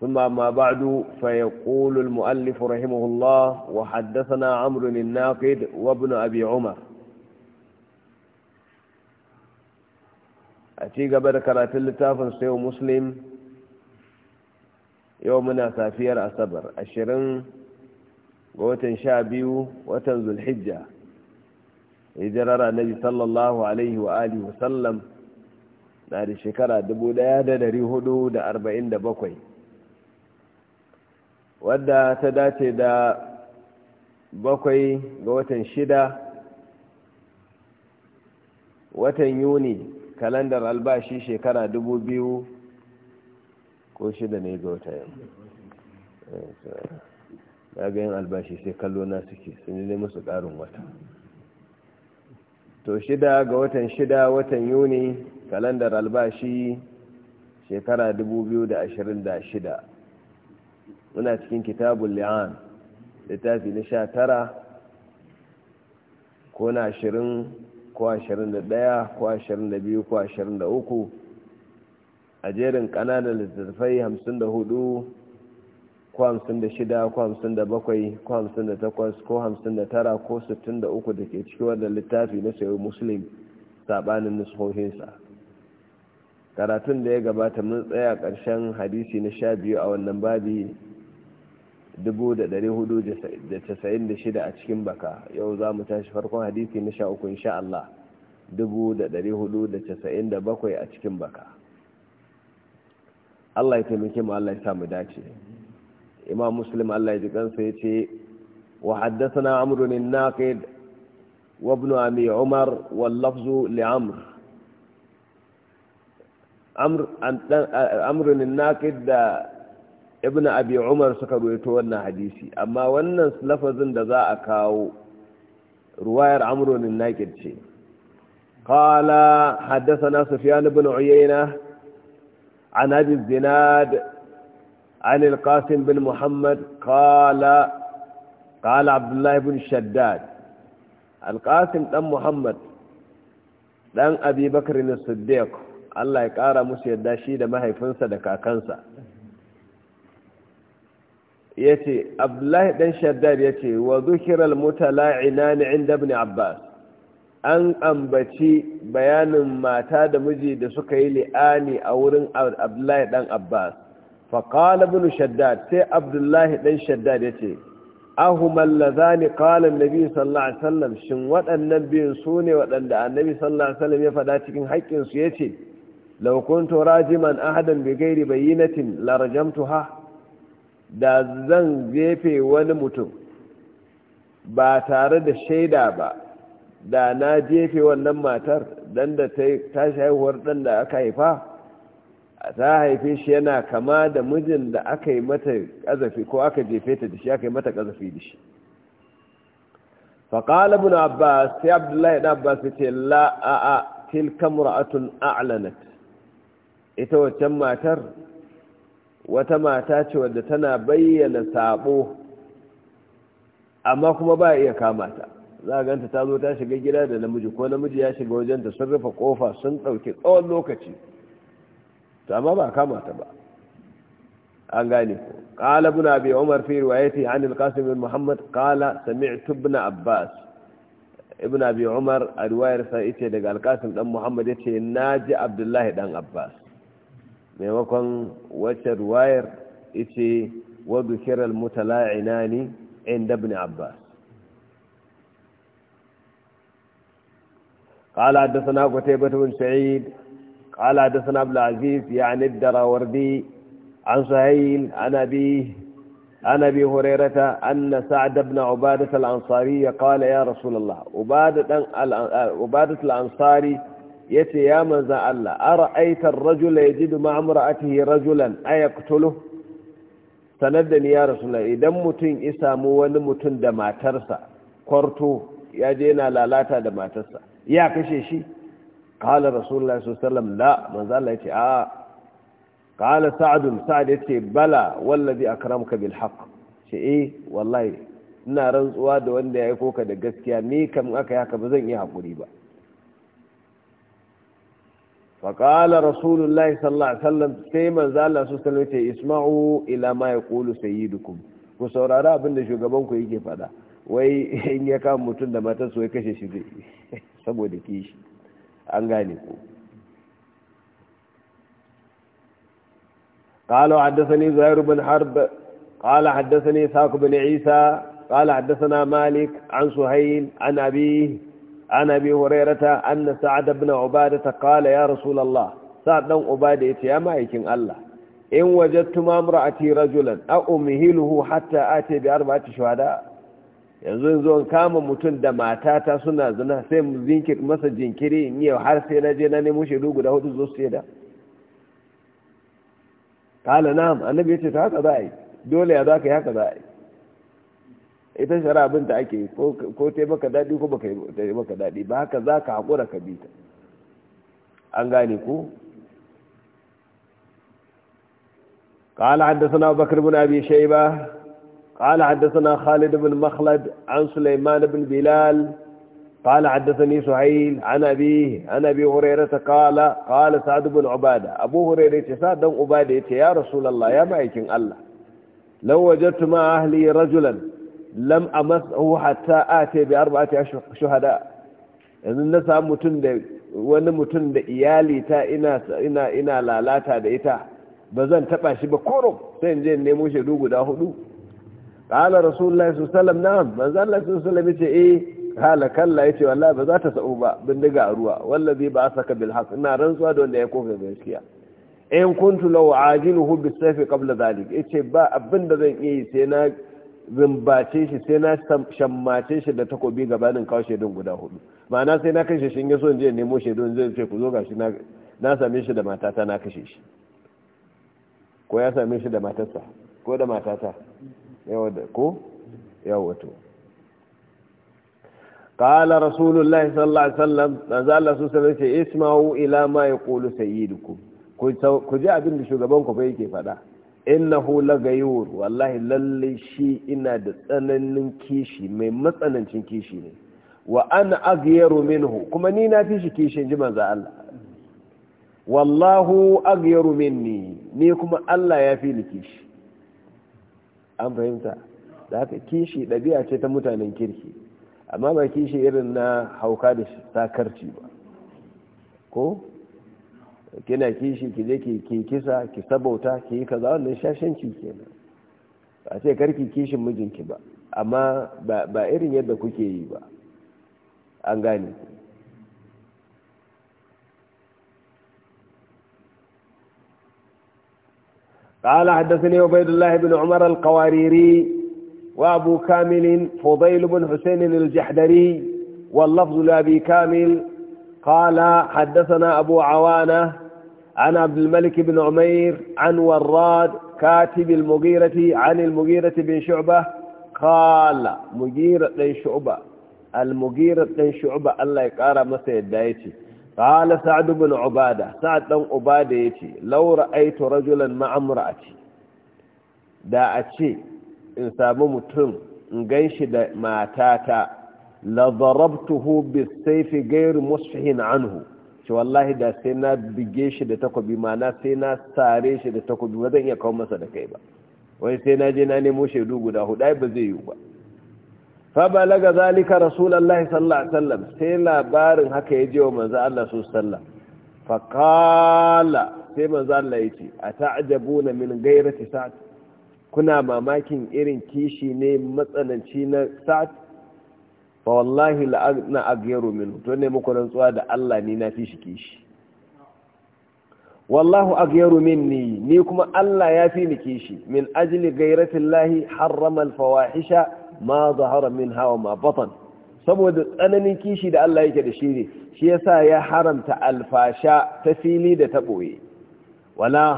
ثم ما بعد فيقول المؤلف رحمه الله وحدثنا عمرو الناقد وابن أبي عمر أتي قبل كراتل لتافن سيو مسلم يومنا سافير أسبر الشرن قوة شابيو وتنزل الحجة hijirar annabi sallallahu alaihi wa alihi wasallam na da shekara bakwai wadda ta dace da bakwai ga watan shida watan yuni kalandar albashi shekara dubu biyu ko shida ne ga wata yau daga yin albashi sai kallo na suke sun ne musu ƙarin wata to shida ga watan shida watan yuni kalandar albashi shekara dubu biyu da ashirin da shida. muna cikin kitabun li'an littafi na sha tara ko na ashirin ko ashirin da ɗaya ko ashirin da biyu ko ashirin da uku a jerin ƙananan littattafai hamsin da hudu ko hamsin da shida ko hamsin da bakwai ko hamsin da takwas ko hamsin da tara ko sittin da uku da ke cikin wadda littafi na sayo musulun saɓanin nusohinsa karatun da ya gabata mun tsaya ƙarshen hadisi na sha biyu a wannan babi shida a cikin baka yau za mu tashi farkon hadisi na sha uku insha Allah bakwai a cikin baka Allah ya taimake mu Allah ya sa mu dace imam muslim Allah ya ji kansa ya ce wa haddathana amr bin naqid wa ibn abi umar wal lafz li amr amr amr bin naqid da ibn abi umar suka ruwaito wannan hadisi amma wannan lafazin da za a kawo ruwayar amronin naƙir ce ƙala haddasa na sufiyan ibn uyayna an abi zinad an alƙasim bin muhammad ƙala abdullahi bin shaddad alƙasim ɗan muhammad dan abi bakar siddiq allah ya ƙara musu yadda shi da mahaifinsa da kakansa ya ce abdullahi ɗan shaddad ya ce wa zukiral mutala'ina ne inda ibn abbas an ambaci bayanin mata da miji da suka yi li'ani a wurin abdullahi dan abbas faƙala ibn shaddad sai abdullahi ɗan shaddad ya ce ahuman lazani ƙalan nabi sallallahu shin waɗannan biyun su ne waɗanda annabi sallallahu alaihi ya faɗa cikin haƙƙinsu ya ce lau kuntu rajiman ahadan bi gairi da zan jefe wani mutum ba tare da shaida ba da na jefe wannan matar dan da ta haihuwar dan da aka haifa ta haife shi yana kama da mijin da aka yi mata kazafi ko aka jefe ta da shi aka yi mata kazafi da shi faƙala ibn abbas sai abdullahi abbas ya ce la a a tilka mura'atun a'lanat ita waccan matar wata mata ce wadda tana bayyana sabo amma kuma ba iya kama ta za a ganta ta zo ta shiga gida da namiji ko namiji ya shiga wajenta sun rufe kofa sun ɗauki tsawon lokaci to amma ba kama ta ba an gane ku. qala ibn abi umar fi riwayati an al bin muhammad qala sami'tu ibn abbas ibn abi umar a riwayar sa yace daga al dan muhammad yace naji abdullahi dan abbas maimakon wacce ruwayar ice wadu kiral mutala'ina ne inda ibn abbas قال حدثنا قتيبة بن سعيد قال حدثنا عبد العزيز يعني الدراوردي عن سهيل عن أبيه عن أبي هريرة أن سعد بن عبادة الأنصاري قال يا رسول الله عبادة, عبادة الأنصاري ya ce ya manza Allah ara aitar rajula ya jidu ma'amura'atihi rajulan ayaktulu sanar da ni ya rasula idan mutum ya samu wani mutum da matarsa kwarto ya je yana lalata da matarsa ya kashe shi kala rasulullah sallam la manza Allah ya ce a kala sa'adun sa'ad ya ce bala wallazi akramka bil haqq ce eh wallahi ina rantsuwa da wanda ya aiko ka da gaskiya ni kam aka yi haka ba zan iya hakuri ba faƙala rasulullahi sallallahu alaihi wasallam sai manzo Allah su sallallahu alaihi isma'u ila ma yaqulu sayyidukum ku saurara abin da shugaban ku yake faɗa wai in ya kama mutum da matar su kashe shi zai saboda kishi an gane ku قالوا حدثني زهير بن حرب قال حدثني ساق بن عيسى قال حدثنا مالك عن سهيل عن أبيه ana abi hurairata anna sa'ad ibn ubadah qala ya rasulullah sa'ad dan ubadah yace ya ma'aikin Allah in wajadtu ma'amrati rajulan aw umhiluhu hatta ati bi arba'ati shuhada yanzu zo kama mutun da matata suna zina sai mu zinki masa jinkiri in yau har sai naje na nemo shi dugu da hudu zo su da qala na'am annabi yace ta haka za'i dole ya zaka yi haka za'i ita shara abin da ake ko ta yi maka daɗi ko baka yi maka daɗi ba haka za ka haƙura ka bi ta an gane ku ƙala haddasa bakar bin abi shai ba ƙala haddasa na khalid bin makhlad an suleiman bin bilal قال حدثني سهيل عن أبيه عن أبي هريرة قال قال سعد بن عبادة أبو هريرة سعد بن عبادة يا رسول الله يا معيكين الله لو وجدت مع أهلي رجلا lam amasahu hatta ate bi arba'ati shuhada yanzu na samu mutum da wani mutum da iyali ta ina lalata da ita bazan taba shi ba koro sai je nemo shaidu guda hudu qala rasulullahi sallallahu alaihi wasallam na'am manzo Allah sallallahu alaihi wasallam eh kala kalla yace wallahi ba za ta sa'u ba bindiga a ruwa wallazi ba asaka bil haqq ina rantsuwa da wanda ya kofa gaskiya in kuntu law ajiluhu bis sayfi qabla zalik yace ba abinda zan iya yi sai na zumbace shi sai na shammace shi da takobi gabanin kawo shaidun guda hudu ma'ana sai na kashe shi in yaso in je nemo shaidun zai ce ku zo gashi na same shi da matata na kashe shi ko ya same shi da matarsa ko da matata yawa da ko yawa to qala rasulullahi sallallahu alaihi wasallam manzo su sanar ce isma'u ila ma yaqulu sayyidukum ku ji abin da shugaban ku fa yake faɗa innahu lagayur wallahi lalle shi ina da tsananin kishi mai matsanancin kishi ne wa ana aghyaru minhu kuma ni na fi kishin ji manzo Allah wallahu aghyaru minni ni kuma Allah ya fi ni kishi an fahimta da haka kishi dabi'a ce ta mutanen kirki amma ba kishi irin na hauka da sakarci ba ko kina kishi ki je ki kisa ki sabauta ki yi kaza wannan shashanci kenan a ce karki kishin mijinki ba amma ba irin yadda kuke yi ba an gane قال حدثني عبيد الله بن عمر القواريري وأبو كامل فضيل بن حسين الجحدري واللفظ لأبي كامل قال حدثنا أبو عوانة عن عبد الملك بن عمير عن وراد كاتب المغيرة عن المغيرة بن شعبة قال مغيرة بن شعبة المغيرة بن شعبة الله يقارى مسيد دايتي قال سعد بن عبادة سعد بن عبادة يتي لو رأيت رجلا مع امرأتي دا أتي إن سامو متن إن قنش دا ما تاتا la darabtuhu bisayfi ghayr musfihin anhu ce wallahi da sai na bige shi da takobi mana sai na sare shi da takobi ba zan iya kawo masa da kai ba wai sai na je na nemo shaidu guda hudu ba zai yi ba fa balaga zalika rasulullahi sallallahu alaihi wasallam sai labarin haka ya je wa manzo Allah su sallah fa qala sai manzo a yace ata'jabuna min ghayrati sa'at kuna mamakin irin kishi ne matsananci na sa'at fa wallahi la'ana agyaru min to ne muku rantsuwa da Allah ni na shi kishi wallahu agyaru minni ni kuma Allah ya fi ni kishi min ajli ghayratillahi harrama alfawahisha ma zahara minha wa ma batan saboda tsananin kishi da Allah yake da shi ne shi yasa ya haramta alfasha ta fili da ta boye wala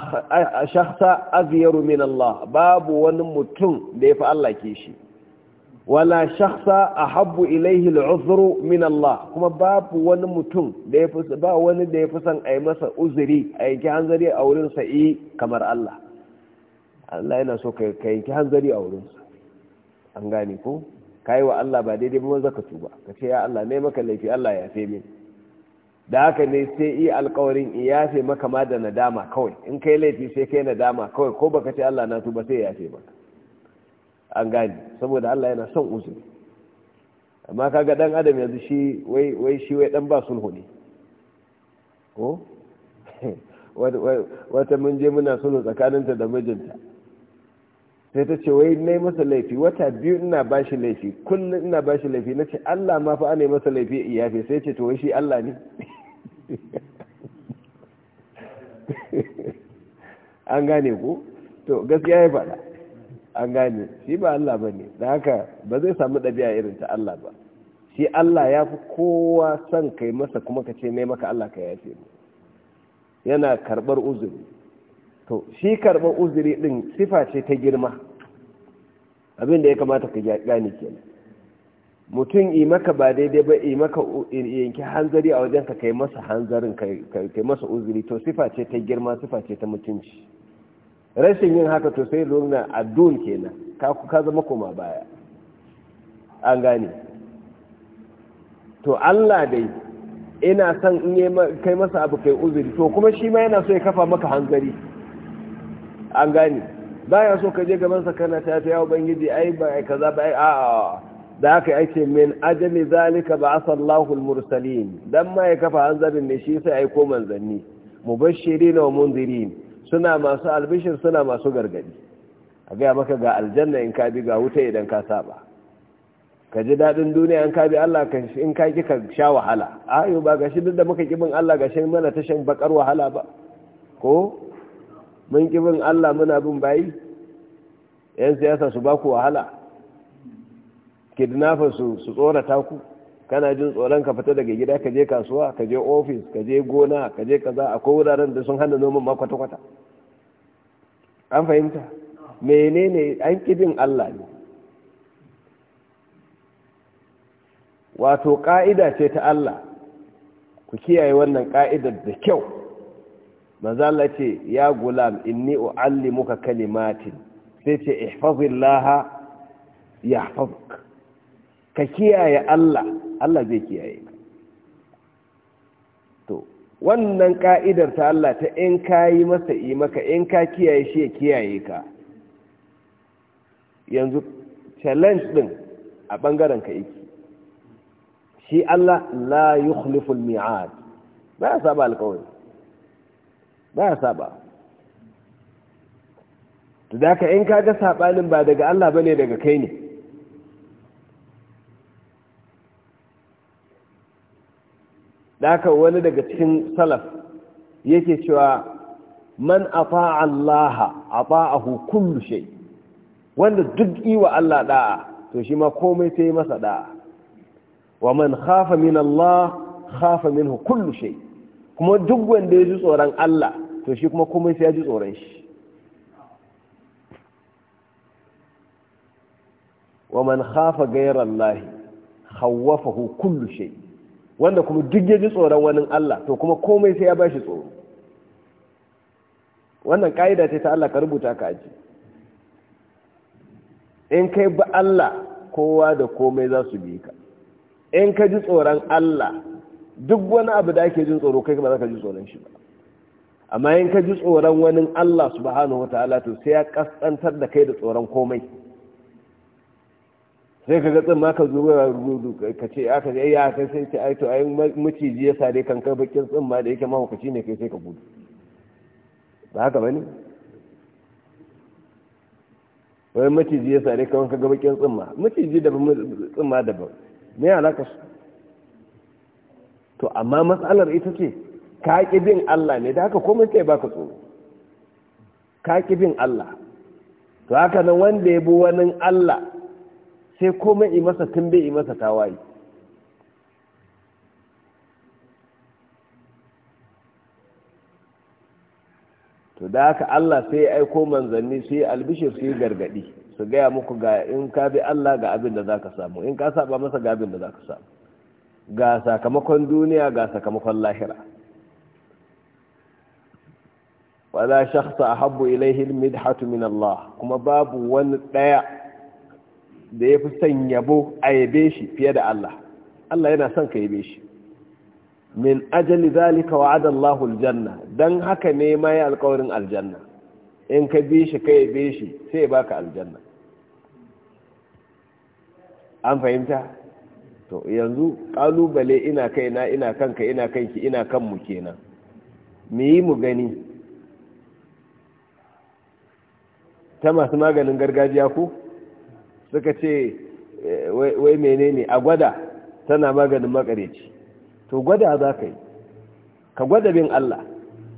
shakhsa aghyaru min Allah babu wani mutum da yafi Allah kishi wala shakhsa habbu ilayhi al'uzru min Allah kuma babu wani mutum da ba wani da ya fi san ai masa uzuri a yanki hanzari a wurin sa yi kamar Allah Allah yana so ka yanki hanzari a wurin sa an gane ko kai wa Allah ba daidai ba zaka tuba ka ce ya Allah ne maka laifi Allah ya fe min da haka ne sai yi alkawarin iyafe maka ma da nadama kawai in kai laifi sai kai nadama kawai ko baka ce Allah na tuba sai ya fe maka an gane saboda Allah yana son uzuri amma kaga dan adam yanzu shi wai wai shi wai dan ba sulhu ne ko wata mun je muna sulhu tsakaninta da mijinta sai ta ce wai nai masa laifi wata biyu ina ba shi laifi kullum ina ba laifi na ce Allah ma fa ana masa laifi iyafe sai ce to wai shi Allah ne an gane ku to gaskiya ya faɗa an gane shi ba Allah ba ne da haka ba zai samu ɗabi'a irin ta Allah ba shi Allah ya fi kowa son kai masa kuma ka ce mai maka Allah ka ya ce yana karɓar uzuri to shi karɓar uzuri ɗin sifa ce ta girma abin ya kamata ka gane kenan mutum yi maka ba daidai ba yi maka yanki hanzari a wajen ka kai masa hanzarin kai masa uzuri to sifa ce ta girma sifa ce ta mutunci rashin yin haka to sai nuna addun kenan ka ka zama koma baya an gane to Allah dai ina son in yi kai masa abu kai uzuri to kuma shi ma yana so ya kafa maka hanzari an gane baya so ka je gaban sa kana ta ta yawo bangiji ai ba ai kaza ba ai a'a da haka yake min ajali zalika ba asallahu al-mursalin dan ma ya kafa hanzarin ne shi sai ai ko manzanni mubashirin wa mundirin suna masu albishir suna masu gargadi a gaya maka ga aljanna in ka bi ga wuta idan ka saba ka ji daɗin duniya in ka bi Allah in ka ki ka sha wahala a ayo ba shi duk da muka kibin Allah shi mana tashin bakar wahala ba ko mun kibin Allah muna bin bayi yan siyasa su ba ku wahala su su tsorata ku kana jin tsoron ka fita daga gida ka je kasuwa ka je ofis ka je gona ka je kaza akwai wuraren da sun hana noman ma kwata-kwata an fahimta menene an kidin Allah ne wato ka'ida ce ta Allah ku kiyaye wannan ka'idar da kyau Allah ce ya gulam inni u'allimuka kalimatin sai ce ihfazillaha yahfazuk ka kiyaye Allah Allah zai kiyaye ka to wannan ka'idar ta Allah ta in ka yi masa yi maka in ka kiyaye shi ya kiyaye ka yanzu challenge din a bangaren ka yake shi Allah la yukhliful mi'ad ba ya saba alƙawari ba ya saba to da ka in kaga sabanin ba daga Allah bane daga kai ne da wani daga cikin salaf yake cewa man a afa Allah ata'ahu kullu shai wanda duk iwa Allah da'a to shi ma komai sai masa da'a wa man hafa min Allah min hu kullu shai kuma duk wanda ya ji tsoron Allah to shi kuma komai sai ya ji tsoron shi wa man khafa ghayra Allah hu kullu shai wanda kuma duk ya ji tsoron wani Allah to kuma komai sai ya ba shi tsoro wannan ka'ida ce ta Allah ka rubuta ka aji in kai ba Allah kowa da komai za su bi ka in ka ji tsoron Allah duk wani abu da ake jin tsoro kai ba za ka ji tsoron shi ba amma in ka ji tsoron wani Allah subhanahu ta'ala to sai ya kasantar da kai da tsoron komai sai ka ga tsamma ka zo ga ka ce aka ce ya kai sai ce ai to ai maciji ya sare kan ka bakin tsamma da yake mahaukaci ne kai sai ka gudu ba haka bane wani maciji ya sare kan ka ga bakin tsamma maciji da tsamma daban me alaka su to amma matsalar ita ce ka ki bin Allah ne da haka komai sai baka tsoro ka ki bin Allah to haka nan wanda ya bi wani Allah sai komai yi masa tun bai yi masa tawaye to da haka Allah sai ya aiko manzanni sai yi albishir su yi gargadi su gaya muku ga in ka bi Allah ga abin da zaka samu in ka saba masa ga abin da zaka samu ga sakamakon duniya ga sakamakon lahira wala shakhsa ahabbu ilayhi almidhatu min Allah kuma babu wani ɗaya. da ya fi son yabo a yabe shi fiye da Allah Allah yana son ka yabe shi min ajali zalika wa'ada Allahu aljanna dan haka ne ma ya alƙawarin aljanna in ka bi shi ka yabe shi sai ya baka aljanna an fahimta to yanzu kalubale ina kaina ina kanka ina kanki ina kanmu kenan mu yi mu gani ta masu maganin gargajiya ko suka ce eh, wai menene a gwada tana maganin makareci to gwada za ka yi ka gwada bin Allah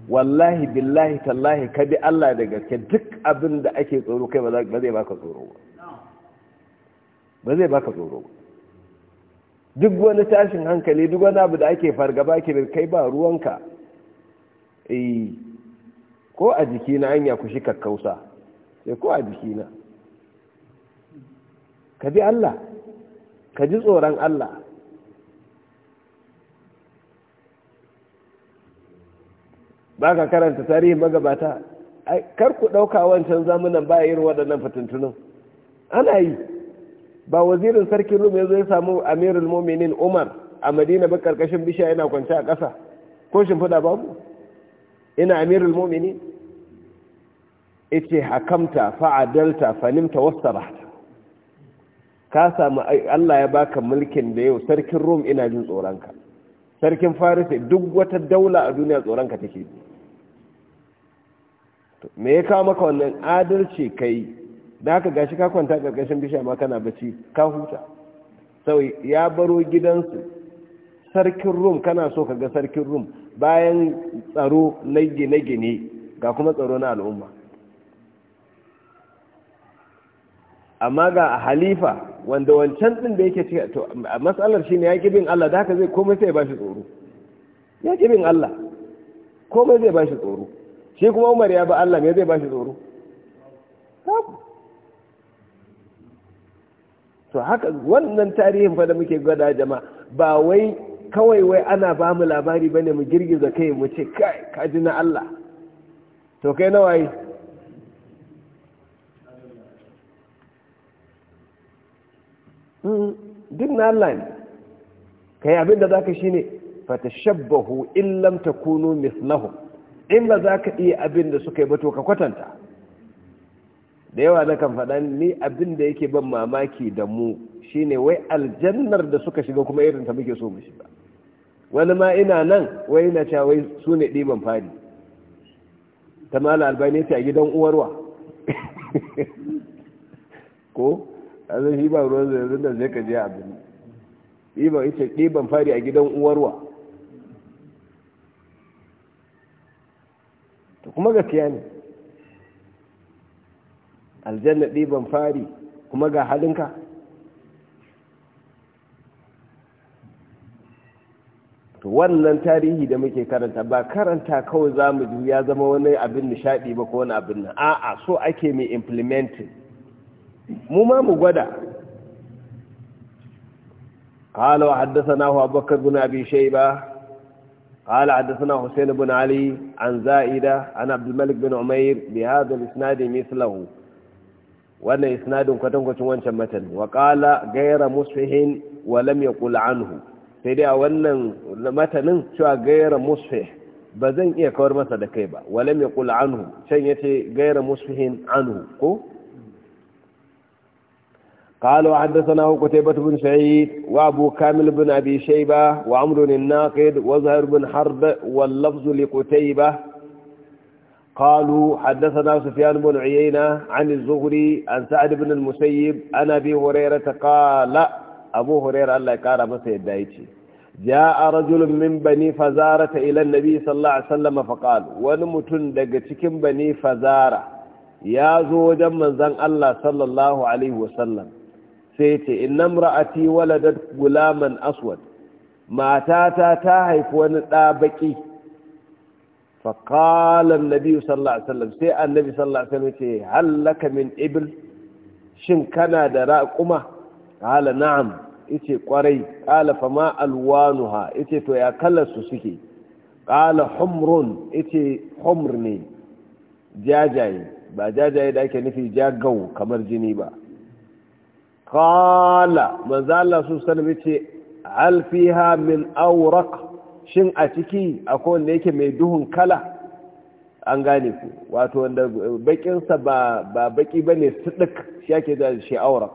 wallahi billahi tallahi ka bi Allah da gaske duk abin da ake tsoro kai ba zai baka tsoro ba ba zai baka tsoro ba duk wani tashin hankali duk wani abu da ake fargaba ke kai ba ruwanka eh, ko a jikina anya ku shi kakkausa sai eh, ko a jikina ka bi Allah ka ji tsoron Allah ba ka karanta tarihin magabata kar ku ɗauka wancan zamanin ba irin waɗannan fitintunan ana yi ba wazirin Sarki rum ya zo ya samu amirul mominin umar a madina ba karkashin bisha yana kwance a ƙasa ko ba babu ina amirul mominin ita hakamta fa'adalta fanimta wasu ka samu Allah ya baka mulkin da yau sarkin Rome ina jin tsoronka sarkin Faris duk wata daula a duniya tsoronka take me ya kawo maka wannan adalci kai da haka gashi ka kwanta karkashin bishiya ma kana bacci ka huta sau ya baro gidansu sarkin Rome kana so ka ga sarkin Rome bayan tsaro na gine-gine ga kuma tsaro na al'umma amma ga halifa wanda wancan ɗin da yake ce to matsalar shine ya kibin Allah da haka zai komai sai ya bashi tsoro ya kibin Allah komai zai bashi tsoro shi kuma Umar ya ba Allah me zai bashi tsoro to haka wannan tarihin fa da muke gwada jama'a ba wai kawai wai ana ba mu labari bane mu girgiza kai mu ce kai kaji na Allah to kai nawa yi Mm, duk na Allah ne kai abin da zaka shine fatashabbahu in lam takunu mislahu in ba ka iya abin da suka yi ba to ka kwatanta da yawa na kan faɗa ni abin da yake ban mamaki da mu shine wai aljannar da suka shiga kuma irin ta muke so mu shiga wani ma ina nan wai ina cewa wai su ne ɗiban fari ta mala albani ta a gidan uwarwa ko azan shi ba ruwan zai yanzu da zai ka je a abin ɗiban ita ɗiban fari a gidan uwarwa to kuma ga ne aljanna ɗiban fari kuma ga halinka to wannan tarihi da muke karanta ba karanta kawai za mu ya zama wani abin nishaɗi ba ko wani abin nan a'a so ake mai implementing mu ma mu gwada qala wa hadathana hu abakar bin abi shayba qala hadathana husayn bin ali an zaida an abd malik bin umayr bi hadha al isnad mithluhu wa ana isnadun wancan matan wa qala musfihin wa lam yaqul sai dai a wannan matanin cewa ghayra musfih bazan iya kawar masa da kai ba walam lam yaqul anhu sai yace gaira musfihin anhu ko قال وحدثناه قتيبة بن سعيد وأبو كامل بن أبي شيبة وعمر الناقد وزهر بن حرب واللفظ لقتيبة قالوا حدثنا سفيان بن عيينة عن الزهري عن سعد بن المسيب عن أبي هريرة قال أبو هريرة الله قال مسيد دايتي جاء رجل من بني فزارة إلى النبي صلى الله عليه وسلم فقال ونمتن دقتك بني فزارة يا زوجا من زن الله صلى الله عليه وسلم sai ce inna ra'ati waladar gulaman aswad matata ta haifi wani ɗa baƙi faƙalan nabi sallallahu alaihi wasallam sai annabi sallallahu alaihi wasallam ce hallaka min ibil shin kana da raƙuma Ƙala na'am yace kwarai qala fama alwanuha ice to ya kallar su suke Ƙala humrun ice humr ne jajaye ba jajaye da ake nufi jagau kamar jini ba qala manzo Allah su sallame ce hal fiha min awraq shin a ciki akwai wanda yake mai duhun kala an gane ku wato wanda bakinsa ba ba baki bane sidik shi ake da shi awraq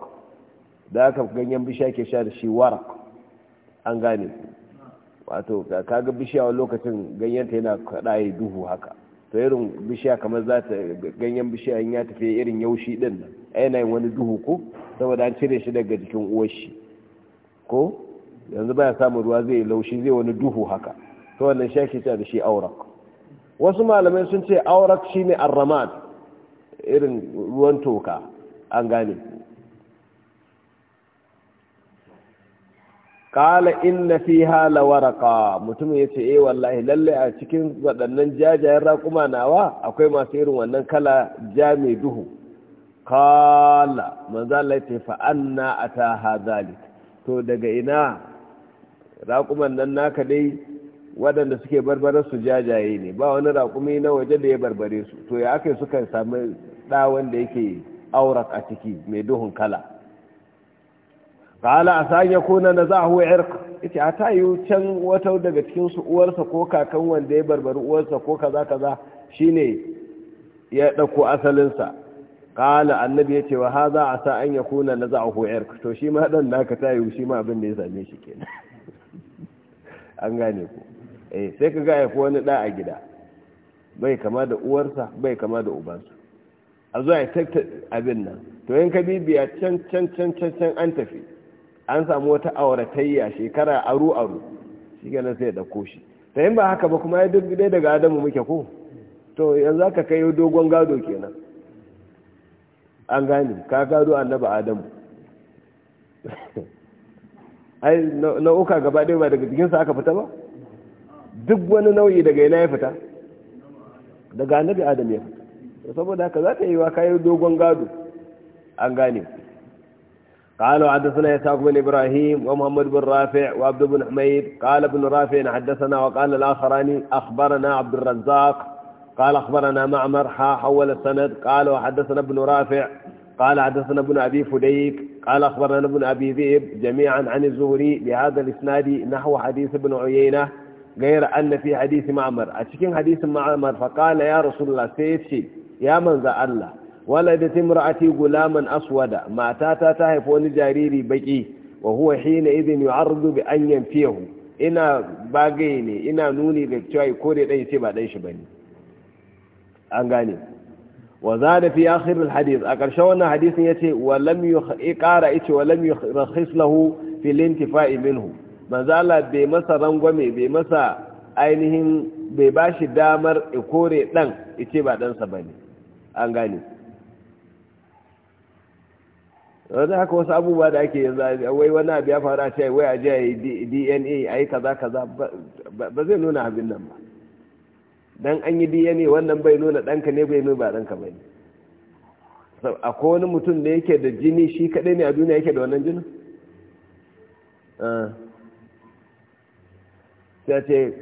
da haka ganyen bishiya ke sha da shi warak an gane ku wato kaga bishiya lokacin ganyen ta yana kada duhu haka to irin bishiya kamar za ta ganyen bishiya ya tafi irin yaushi din nan yana yin wani duhu ko saboda an cire shi daga jikin uwashi ko yanzu baya samun ruwa zai laushi zai wani duhu haka to wannan shi ake da shi aurak wasu malamai sun ce aurak shi shine arramad irin ruwan toka an gane qala inna fiha waraka mutumin yace eh wallahi lalle a cikin waɗannan jajayen raƙuma nawa akwai masu irin wannan kala jami duhu Kala! manzo Allah yace fa anna ata hadhalik to daga ina raƙuman nan naka dai waɗanda suke barbarar su jajaye ne ba wani raƙumi na waje da ya barbare su to ya aka suka sami ɗa wanda yake aurak a ciki mai duhun kala qala asa yakuna nazahu irq yace a ta yi can wata daga cikinsu uwarsa ko kakan wanda ya barbari uwarsa ko kaza kaza shi ne ya dauko asalin sa qala annabi yace wa hadha asa an a nazahu irq to shi ma dan naka ta yi shi ma abin da ya same shi kenan an gane ku eh sai kaga ai ko wani ɗa a gida bai kama da uwarsa bai kama da ubansa a zuwa ya abin nan to in ka bibiya can can can can an tafi an samu wata auratayya shekara aru aru shi ganin sai ya dauko shi ta yin ba haka ba kuma ya duk dai daga adamu muke ko to yanzu aka kai dogon gado kenan an gane ka gado annaba adamu ai nau'uka gaba ɗaya ba daga jikinsa aka fita ba duk wani nau'i daga ina ya fita daga annabi Adamu ya fita saboda haka za ta yi wa kayan dogon gado an gane قالوا حدثنا يساق بن إبراهيم ومحمد بن رافع وعبد بن حميد قال ابن رافع حدثنا وقال الآخران أخبرنا عبد الرزاق قال أخبرنا معمر حا حول السند قالوا حدثنا ابن رافع قال حدثنا ابن أبي فديك قال أخبرنا ابن أبي ذئب جميعا عن الزهري بهذا الإسناد نحو حديث ابن عيينة غير أن في حديث معمر أشكين حديث معمر فقال يا رسول الله سيفشي شيء يا من ذا الله waladat imra'ati gulaman aswada matata ta haifi wani jariri baki wa huwa hina idhin yu'arradu bi an yanfiyahu ina bagaye ne ina nuni da cewa ko da dan ce ba dan shi bane an gane wa zada fi akhir alhadith a karshe wannan hadisin yace wa lam yuqara ichi wa lam yurakhis lahu fi intifa'i minhu manzo Allah bai masa rangwame bai masa ainihin bai bashi damar ikore dan ice ba dan sa bane an gane wani haka wasu abubuwa da ake yanzu wai wani abu ya faru a ce wai a ji a yi dna a yi kaza kaza ba zai nuna abin nan ba dan an yi dna wannan bai nuna ɗanka ne bai nuna ba ɗanka ba ne akwai wani mutum da yake da jini shi kaɗai ne a duniya yake da wannan jinin ah. sai ce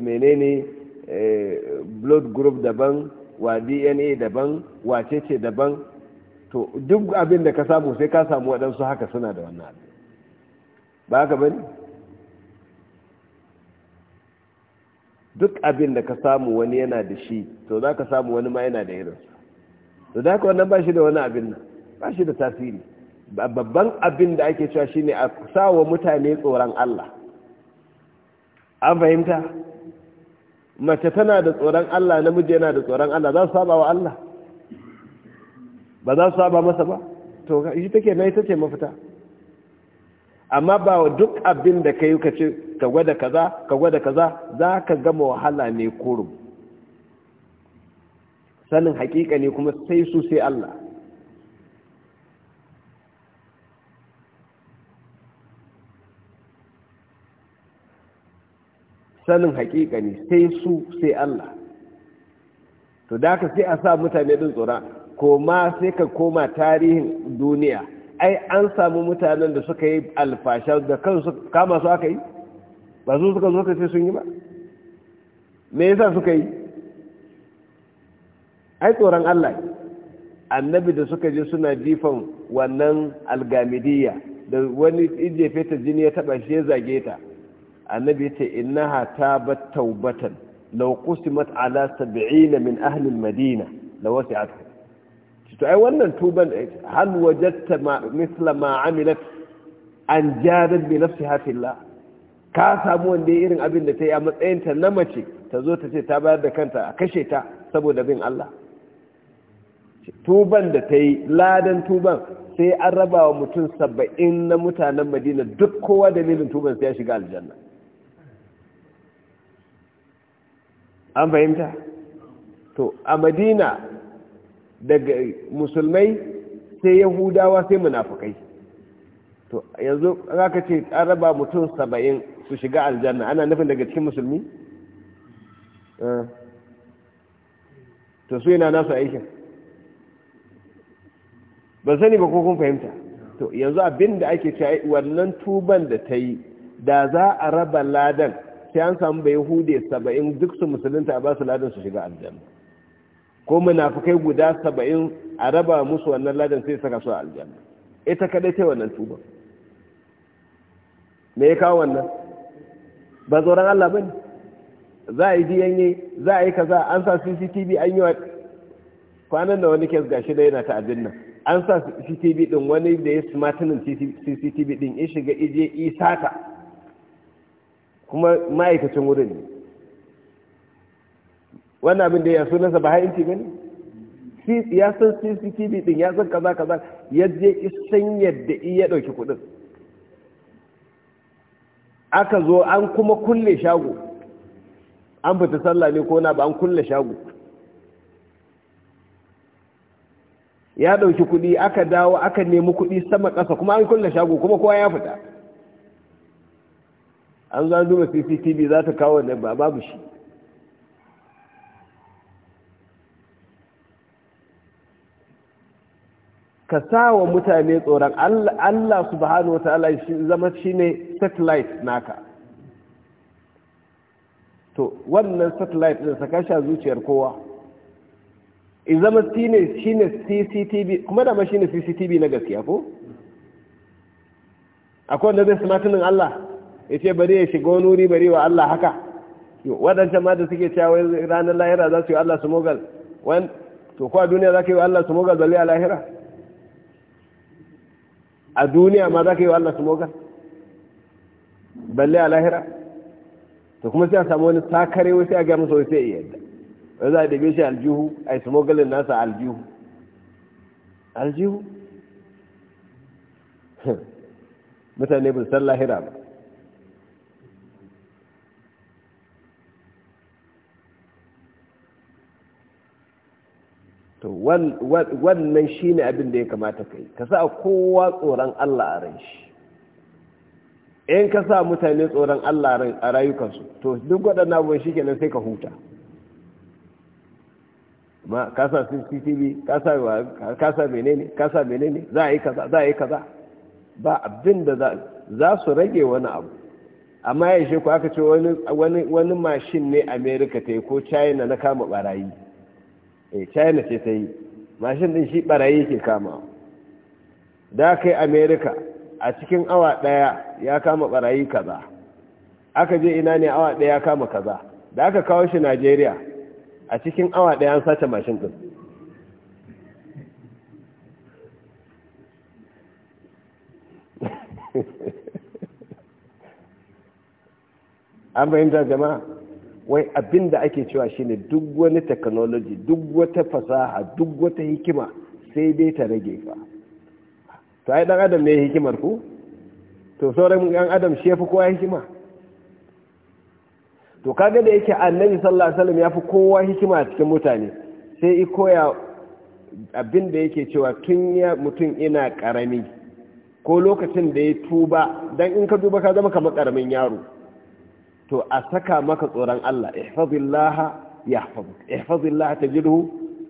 menene eh, blood group daban wa dna daban wace ce daban to duk abin da ka samu sai ka samu waɗansu haka suna da wannan abin ba ka bane duk abin da ka samu wani yana da shi to za ka samu wani ma yana da irinsa to da haka wannan ba shi da wani abin nan ba shi da tasiri babban abin da ake cewa shine a sawa mutane tsoron Allah an fahimta mace tana da tsoron Allah namiji yana da tsoron Allah za su saba wa Allah ba za su saba masa ba to shi take na ita ce mafita amma ba wa duk abin da ka yi ka ce ka gwada kaza ka gwada kaza za ka gama wahala ne kurum sanin hakika ne kuma sai su sai Allah sanin hakika ne sai su sai Allah to da ka sai a sa mutane din tsoron koma sai ka koma tarihin duniya ai an samu mutanen da suka yi alfasha da kansu kama su aka yi ba su suka zo ka ce sun yi ba me yasa suka yi ai tsoron Allah annabi da suka je suna jifan wannan algamidiyya da wani ijefe ta jini ya taba shi ya zage ta annabi ya ce innaha tabat taubatan law qusimat ala 70 min ahli Madina, madina lawasi'atuhum to ai wannan tuban eh, hal wajadta misla ma amilat an jadad bi nafsiha fillah ka samu wanda irin abin da ta yi a matsayin na mace ta zo ta ce ta bayar da kanta a kashe ta saboda bin Allah tuban da ta yi ladan tuban sai an raba wa mutum saba'in na mutanen madina duk kowa dalilin tuban sai ya shiga aljanna an fahimta to a madina daga musulmai sai yahudawa sai munafukai to yanzu za ka ce an raba mutum saba'in su shiga aljanna ana nufin daga cikin musulmi eh. to su yana nasu aikin ba sani ba ko kun fahimta to yanzu abin da ake ce wannan tuban da ta yi da za a raba ladan sai an samu bai hude saba'in duk su musulunta a ba su ladan su shiga aljanna ko munafikai guda saba'in a raba musu wannan ladan sai saka su a aljanna ita kadai ta wannan tuba me ya kawo wannan ba tsoron Allah bane za a yi DNA za a yi kaza an sa CCTV an yi kwanan da wani kes gashi da yana ta abin nan an sa CCTV din wani da ya smartinin CCTV din ya shiga ije isata kuma ma'aikacin wurin ne wannan abin da ya sunansa ba ha'inci ba ne ya san cctv din ya san kaza kaza ya je isan yadda iya ɗauki kuɗin aka zo an kuma kulle shago an fita sallah ne ko na ba an kulle shago ya ɗauki kuɗi aka dawo aka nemi kuɗi sama ƙasa kuma an kulle shago kuma kowa ya fita an zo an duba cctv za ta kawo ne ba babu shi ka sa wa mutane tsoron Allah subhanahu wa ta'ala zama shi ne satellite naka to wannan satellite da saka sha zuciyar kowa zama shi ne cctv kuma dama shi ne cctv na gaskiya ko akwai wanda zai matanin Allah ya ce bari ya shiga nuri wuri bari wa Allah haka waɗancan ma da suke cewa ranar lahira za su yi Allah su mogal to kuwa duniya za ka yi wa Allah su mogal zalle a lahira a duniya ma za ka yi wa Allah su moga balle a lahira to kuma sai a samu wani takare wasu ya a sau sai iya da wani za a dabe shi aljihu a yi smogalin nasa aljihu aljihu mutane bin san lahira ba to wannan shi ne abin da ya kamata ka yi ka sa kowa tsoron Allah a ran shi in ka sa mutane tsoron Allah a rayukansu to duk waɗannan abubuwan shi kenan sai ka huta ma ka sa cctv ka sa menene ka sa menene za a yi kaza za a yi kaza ba abin da za su rage wani abu amma yaushe ku aka ce wani mashin ne america ta yi ko china na kama barayi eh china ce ta yi mashin din shi barayi ke kama da kai america a cikin awa daya ya kama barayi kaza aka je ina ne awa daya kama kaza da aka kawo shi nigeria a cikin awa daya an sace mashin din an bayyanta jama'a wai abin da ake cewa shine duk wani technology duk wata fasaha duk wata hikima sai dai ta rage fa to ai dan adam ne hikimar ku to sauran yan adam shi yafi kowa hikima to kaga da yake annabi sallallahu alaihi wasallam yafi kowa hikima a cikin mutane sai i koya abin da yake cewa tun ya mutum ina karami ko lokacin da ya tuba dan in ka duba ka zama kamar karamin yaro تو أسكى مكة قران الله احفظ الله يحفظك احفظ الله تجده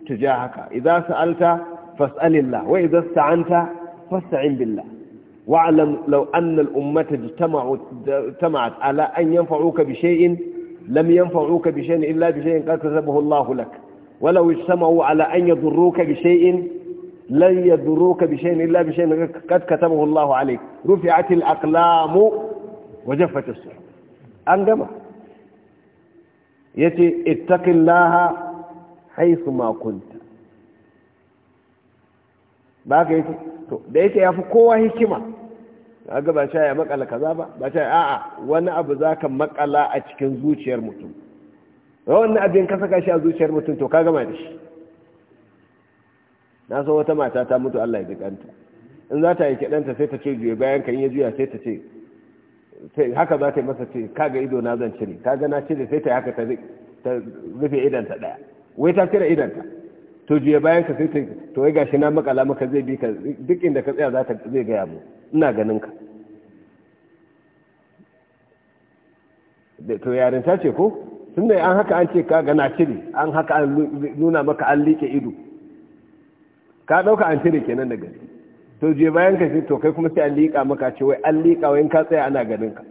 تجاهك إذا سألت فاسأل الله وإذا استعنت فاستعن بالله واعلم لو أن الأمة اجتمعت على أن ينفعوك بشيء لم ينفعوك بشيء إلا بشيء قد كتبه الله لك ولو اجتمعوا على أن يضروك بشيء لن يضروك بشيء إلا بشيء قد كتبه الله عليك رفعت الأقلام وجفت السحر an gama ya ce ittaqillaha haisu makunta ba ka yi to da yake ya fi kowa hikima ga ba sha ya makala kaza ba ba sha a'a wani abu za ka makala a cikin zuciyar mutum wani abin ka saka shi a zuciyar mutum to ka gama da shi na san wata mata ta mutu Allah ya jikanta in za ta yi kiɗanta sai ta ce juya bayan kan yi juya sai ta ce sai haka za ta yi masa ce kaga ido na zan cire ga na cire sai ta haka ta rufe idanta daya wai ta cire idanta to juya bayan ka sai ta to wai gashi na makala maka zai bi ka duk inda ka tsaya za ta zai gaya mu ina ganin ka to yarinta ce ko tunda an haka an ce kaga na cire an haka an nuna maka an liƙe ido ka ɗauka an cire kenan da gaske to je bayan ka ce to kai kuma sai an liƙa maka ce wai an liƙa wai ka tsaya ana ganin ka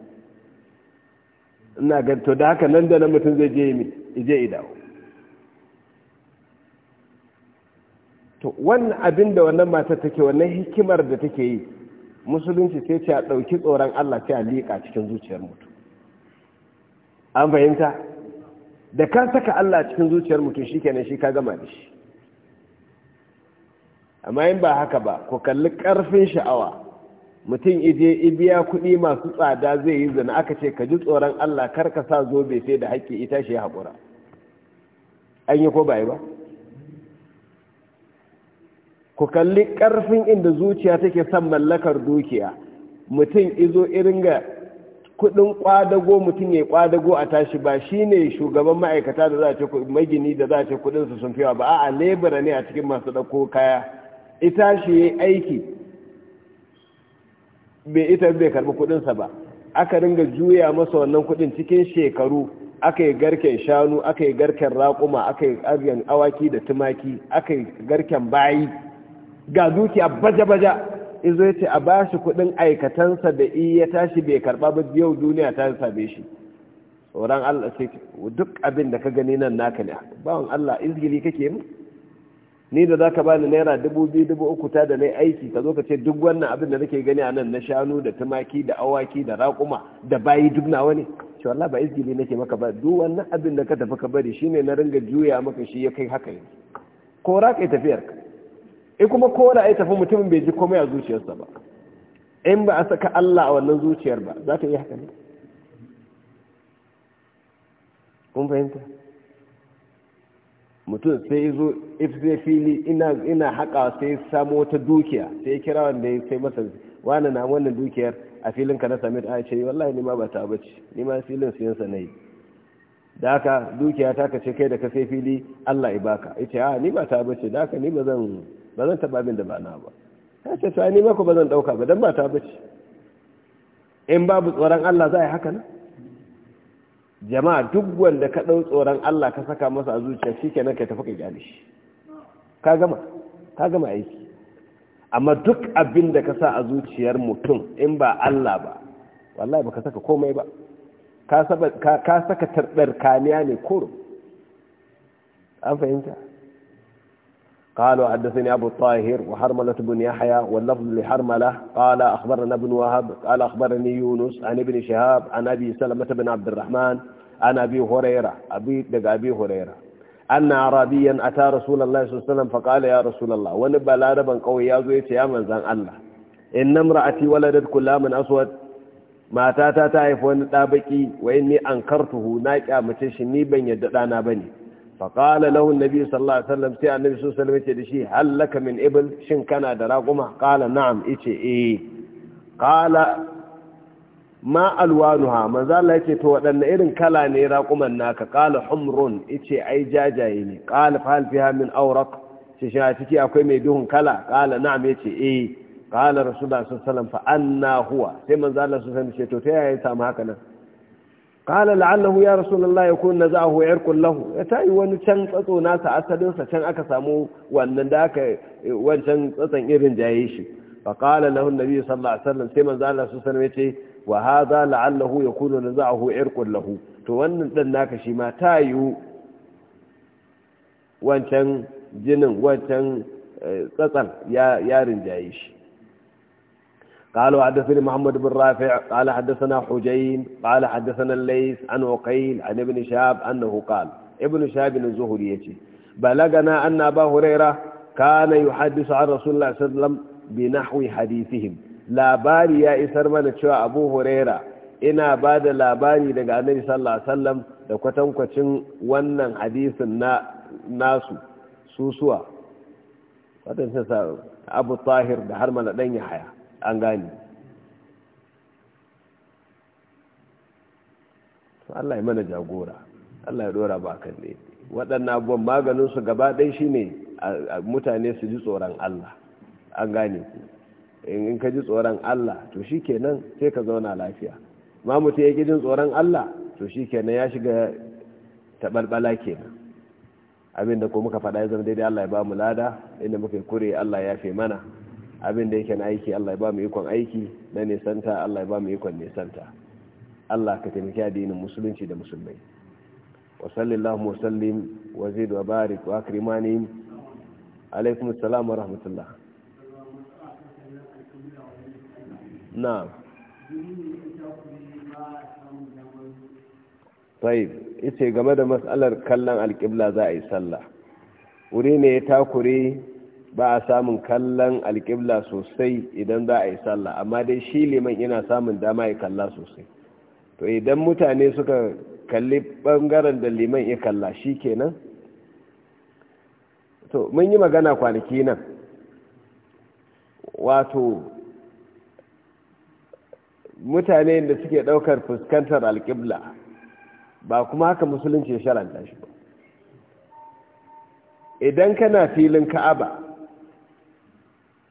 ina ga to da haka nan da nan mutum zai je yi mi je dawo. to wannan abin da wannan mata take wannan hikimar da take yi musulunci sai ce a ɗauki tsoron Allah sai a liƙa cikin zuciyar mutum an fahimta da ka saka Allah cikin zuciyar mutum shikenan shi ka gama da shi amma in ba haka ba ku kalli ƙarfin sha'awa mutum ije ibiya kuɗi masu tsada zai yi zana aka ce ka ji tsoron Allah kar ka sa zobe sai da haƙƙi ita shi haƙura an yi ko bai ba ku kalli ƙarfin inda zuciya take son mallakar dukiya mutum izo irin ga kuɗin ƙwadago mutum ya ƙwadago a tashi ba shi ne shugaban ma'aikata da za a ce magini da za a ce kuɗinsu sun fiwa ba a lebura ne a cikin masu ɗauko kaya ita shi ya aiki bai ita bai karbi kudinsa ba aka ringa juya masa wannan kudin cikin shekaru aka yi garken shanu aka yi garken raƙuma aka yi arziyar awaki da tumaki aka yi garken bayi ga dukiya baja-baja izo ya ce a bashi shi kudin aikatansa da iya tashi bai karba ba yau duniya ta same shi tsoron allah sai duk abin da ka gani nan naka ne bawon allah izgili kake mu ni da za ba bani naira dubu biyu dubu uku ta da na aiki ka zo ka ce duk wannan abin da nake gani a nan na shanu da tumaki da awaki da raƙuma da bayi duk nawa ne shi wallahi ba izgili nake maka ba duk wannan abin da ka tafi ka bari shine na ringa juya maka shi ya kai haka yanzu kora kai tafiyar ka E, kuma kora ai tafi mutumin bai ji komai a zuciyarsa ba in ba a saka Allah a wannan zuciyar ba za ta iya haka ne kun fahimta mutum sai ya zo ifzai fili ina haƙa sai samu wata dukiya sai ya kira wanda ya sai masa wani na wannan dukiyar a filin ka na sami a ce wallahi nima ba ta bace nima filin siyansa na yi da haka dukiya ta ka ce kai da ka sai fili allah ya baka ya ce a ni ba ta bace da haka ni ba zan taɓa min da ba na ba ta ce to ni ma ko ba zan ɗauka ba don ba ta bace in babu tsoron allah za a yi haka nan jama'a duk wanda ka ɗau tsoron Allah ka saka masa a zuciya shi kenan ka tafi ka gyale shi ka gama ka gama aiki amma duk abin da ka sa a zuciyar mutum in ba Allah ba wallahi baka saka komai ba ka saka tarɗar kaniya ne koro an fahimta قالوا حدثني أبو الطاهر وحرملة بن يحيى واللفظ لحرملة قال أخبرنا ابن وهب قال أخبرني يونس عن ابن شهاب عن أبي سلمة بن عبد الرحمن عن أبي هريرة أبي دق أبي هريرة أن أعرابيا أتى رسول الله صلى الله عليه وسلم فقال يا رسول الله ونبى العربا قوي يا زويت يا من زان الله إن امرأتي ولدت كلها من أسود ما تاتا تعرف ونطابكي وإني أنكرته ناك أمتش نيبا يدعنا بني faƙala lahun nabi sallallahu alaihi wasallam sai annabi sun salama ce da shi hallaka min ibil shin kana da raƙuma ƙala na'am ice eh ƙala ma alwanuha manzo Allah yake to waɗanne irin kala ne raƙuman naka ƙala humrun ice ai jajaye ne ƙala fa hal fiha min awraq shi shi ciki akwai mai duhun kala ƙala na'am ice eh ƙala rasulullah sallallahu alaihi wasallam fa anna huwa sai manzo Allah sun alaihi ce to ta yaya ya samu haka nan qala la'allahu ya rasulullahi yakun naza'ahu irqun lahu ya tayi wani can tsatso nasa asalin sa can aka samu wannan da aka wancan tsatsan irin jaye shi fa qala lahu annabi sallallahu alaihi wasallam sai manzo Allah su sanar yace wa hadha la'allahu yakun naza'ahu irqun lahu to wannan dan naka shi ma tayu wancan jinin wancan eh, tsatsan ya rinjaye shi قالوا حدثني محمد بن رافع قال حدثنا حجين قال حدثنا الليث عن عقيل عن ابن شهاب أنه قال ابن شهاب الزهري بلغنا أن أبا هريرة كان يحدث عن رسول الله صلى الله عليه وسلم بنحو حديثهم labari ya isar mana cewa abu huraira ina ba da labari daga annabi sallallahu da kwatankwacin wannan hadisin na nasu susuwa kwatancin abu tahir da har mana dan ya an gani Allah ya mana jagora Allah ya dora ba kan ne waɗannan abubuwan maganinsu gaba ɗaya shi mutane su ji tsoron Allah an gane ku in ka ji tsoron Allah to shi kenan sai ka zauna lafiya ma mutu ya gidin tsoron Allah to shi kenan ya shiga taɓalɓala kenan abinda ko muka faɗa ya zama daidai Allah ya ba mu lada inda muka kure Allah ya fi mana abin da yake na aiki Allah ya ba mu ikon aiki na nesanta Allah ya ba mu ikon nesanta Allah ka taimaki addinin musulunci da musulmai wa sallallahu wa sallim wa zid wa barik wa akrimani alaikum assalam wa rahmatullah na'am tayyib ita game da mas'alar kallon alqibla za a yi sallah wuri ne ya takure ba a samun kallon alƙibla sosai idan za a yi sallah amma dai shi liman yana samun dama ya kalla sosai to idan mutane suka kalli ɓangaren da liman ya kalla shi kenan to mun yi magana kwanaki nan wato mutane da suke ɗaukar fuskantar alƙibla ba kuma haka musulunci ya sharanta shi ba idan kana filin ka'aba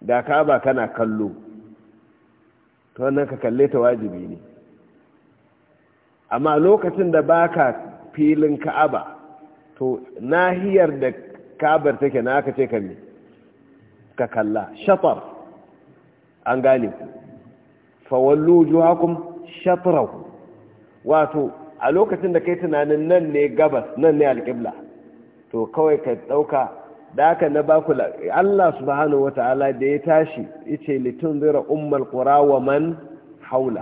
ka ka'aba kana kallo to wannan ka kalle ta wajibi ne amma lokacin da baka filin ka'aba to nahiyar da ka'abar take na aka ce ka ne ka kalla shatar an gane ku fawallo juhakun shatrahu wato a lokacin da kai tunanin nan ne gabas nan ne alƙibla to kawai ka ɗauka da aka na baku Allah subhanahu Ta'ala da ya tashi yace zira ummal qura wa man Don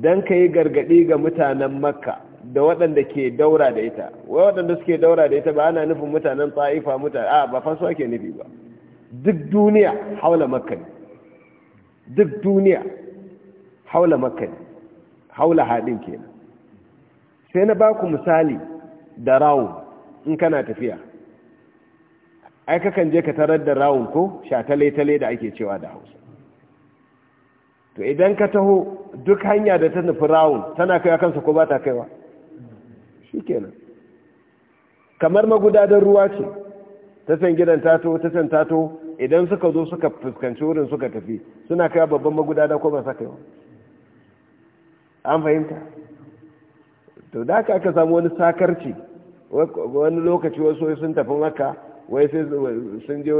dan kai gargadi ga mutanen makka da waɗanda ke daura da ita wai waɗanda suke daura da ita ba ana nufin mutanen tsaifa mutane a ba fa su ake nufi ba duk duniya haula makka ne duk duniya haula makka ne haula hadin kenan sai na baku misali da rawu in kana tafiya ai kakan je ka tarar da rawun ko shatale-tale da ake cewa da hausa to idan ka taho duk hanya da ta nufi rawun tana kai kansa ko ba ta kaiwa shi kenan kamar magudadar ruwa ce ta san gidan tato ta san tato idan suka zo suka fuskanci wurin suka tafi suna kaiwa babban magudada ko ba sa kaiwa an fahimta to da aka samu wani sakarci wani lokaci wasu sun tafi maka wai sun je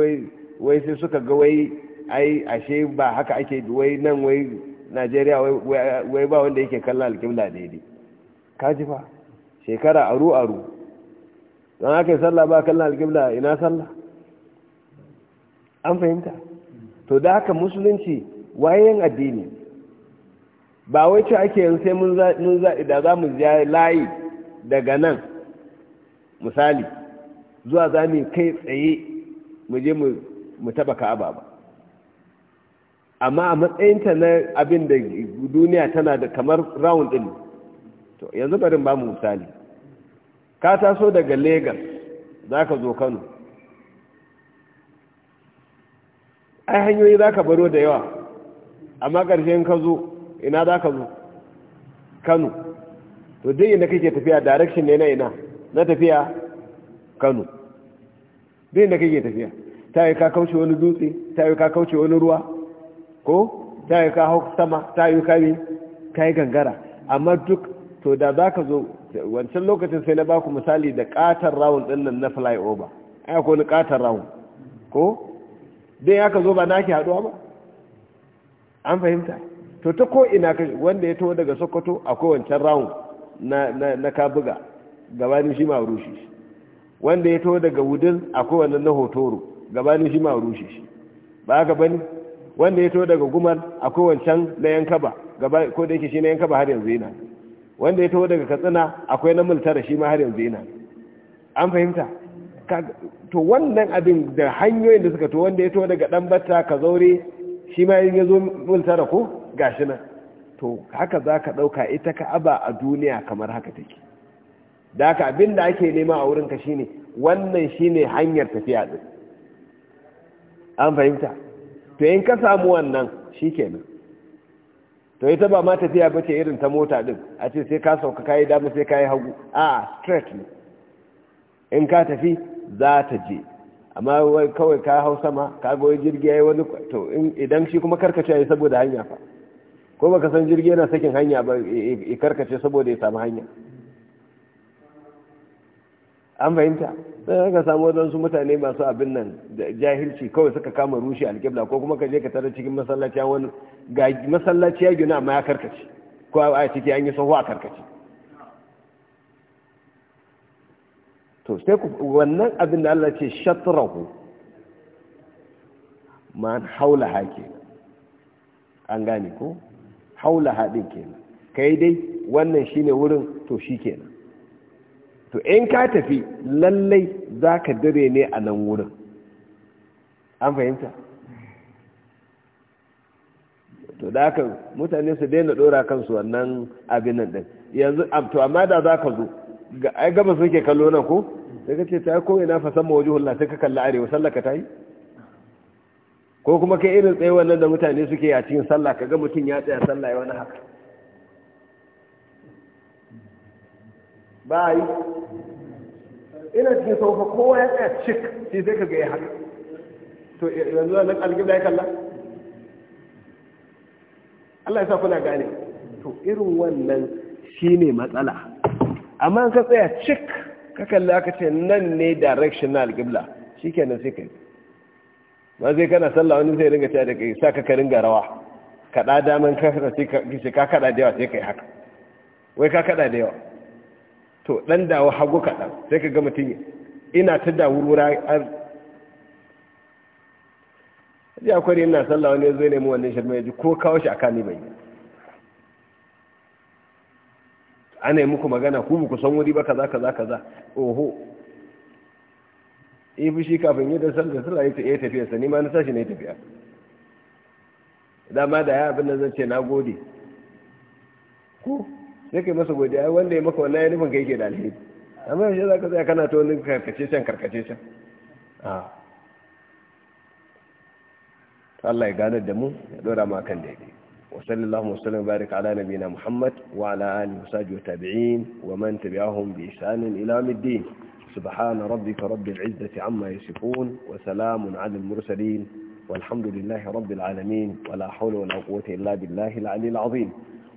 wai sai suka ga wai ai ashe ba haka ake wai nan wai najeriya wai ba wanda yake kallon alkimla daidai kaji fa shekara aru aru don haka yi sallah ba kallon alkimla ina sallah an fahimta to da haka musulunci wayan addini ba wai ce ake yin sai mun zaɗi da za mu layi daga nan misali zuwa za mu kai tsaye mu je mu taba ka'aba ba amma a matsayinta na abin da duniya tana da kamar round din to yanzu barin ba mu misali ka taso daga lagos za ka zo kano ai hanyoyi za ka baro da yawa amma ƙarshen ka zo ina za ka zo kano to dai inda kake tafiya direction ne na ina na tafiya kano duk da kake tafiya ta yi ka kauce wani dutse ta yi ka kauce wani ruwa ko ta yi ka hau sama ta yi ka ka yi gangara amma duk to da za ka zo wancan lokacin sai na baku misali da katar rawun din nan na flyover ai ko wani katar rawun ko dai ya ka zo ba naki haɗuwa ba an fahimta to ta ko ina wanda ya taho daga sokoto akwai wancan rawun na ka buga gabanin shi ma rushe shi wanda ya to daga wudin akwai wannan na hotoro gabanin shi ma rushe shi ba haka bani wanda ya to daga gumar akwai wancan na yanka gaba ko da yake shi na ba har yanzu yana wanda ya to daga katsina akwai na multara shi ma har yanzu yana an fahimta to wannan abin da hanyoyin da suka to wanda ya to daga dan batta ka zaure shi ma ya zo multara ko gashi nan to haka za ka ɗauka ita aba a duniya kamar haka take da haka abin da ake nema a wurinka shi ne wannan shi ne hanyar tafiya din an fahimta to in ka samu wannan shi nan to ita ba ma tafiya bace irin ta mota din a ce sai ka sauka kayi damu sai kayi hagu a straight ne in ka tafi za ta je amma kawai ka hau sama ka goyi jirgi ya yi wani to idan shi kuma karkace ya saboda hanya fa ko baka san jirgi yana sakin hanya ba ya karkace saboda ya samu hanya an fahimta sai ka samu wadansu mutane masu abin nan da jahilci kawai suka kama rushe alƙibla ko kuma ka je ka tare cikin masallaci wani ga masallaci ya gina amma ya karkace ko a ciki an yi sahu a karkace to sai ku wannan abin da Allah ce shatrahu man haula hake an gane ko haula hadin kenan kai dai wannan shine wurin to shikenan to in ka tafi lallai za ka dire ne a nan wurin an fahimta to da aka mutane su daina dora kansu wannan abin nan din yanzu to amma da za ka zo ai gaba suke kallo nan ko sai ka ce ta ko ina fa san mawajihul Allah sai ka kalla arewa sallaka ta yi ko kuma kai irin tsaye wannan da mutane suke a cikin sallah kaga mutum ya tsaya sallah ya wani haka ba yi ina cikin saufa kowa ya tsaya cik shi sai ka gaya haka to yanzu nan alƙibla ya kalla Allah ya sa kuna gane to irin wannan shine matsala amma ka tsaya cik ka kalla ka ce nan ne direction na alƙibla shikenan sai yi ba zai kana sallah wani zai ringa cewa da kai sa ka ringa rawa kaɗa daman ka sai ka kaɗa da yawa sai ka yi haka wai ka kaɗa da yawa to ɗan dawo hagu kaɗan sai ka ga mutum ina ta dawurwura ji akwai ina sallah wani zai nemi wannan shirma ya ji ko kawo shi a kani bai ana yi muku magana ku ku san wuri ba kaza kaza kaza oho ibi shi kafin yi da sallah sallah ya tafiya tafiyarsa ni ma na sashi ne tafiya dama da ya abin da zan ce na gode ko yake masa godiya wanda ya maka wallahi nufin kai ke da alheri amma yanzu za ka tsaya kana ta wani karkace can karkace can Allah ya ganar da mu ya dora mu akan daidai wa sallallahu wa sallam barik ala nabiyina Muhammad wa ala alihi wa sahbihi wa tabi'in wa man tabi'ahum bi ihsan ila yawmiddin سبحان ربك رب العزة عما يصفون وسلام على المرسلين والحمد لله رب العالمين ولا حول ولا قوة إلا بالله العلي العظيم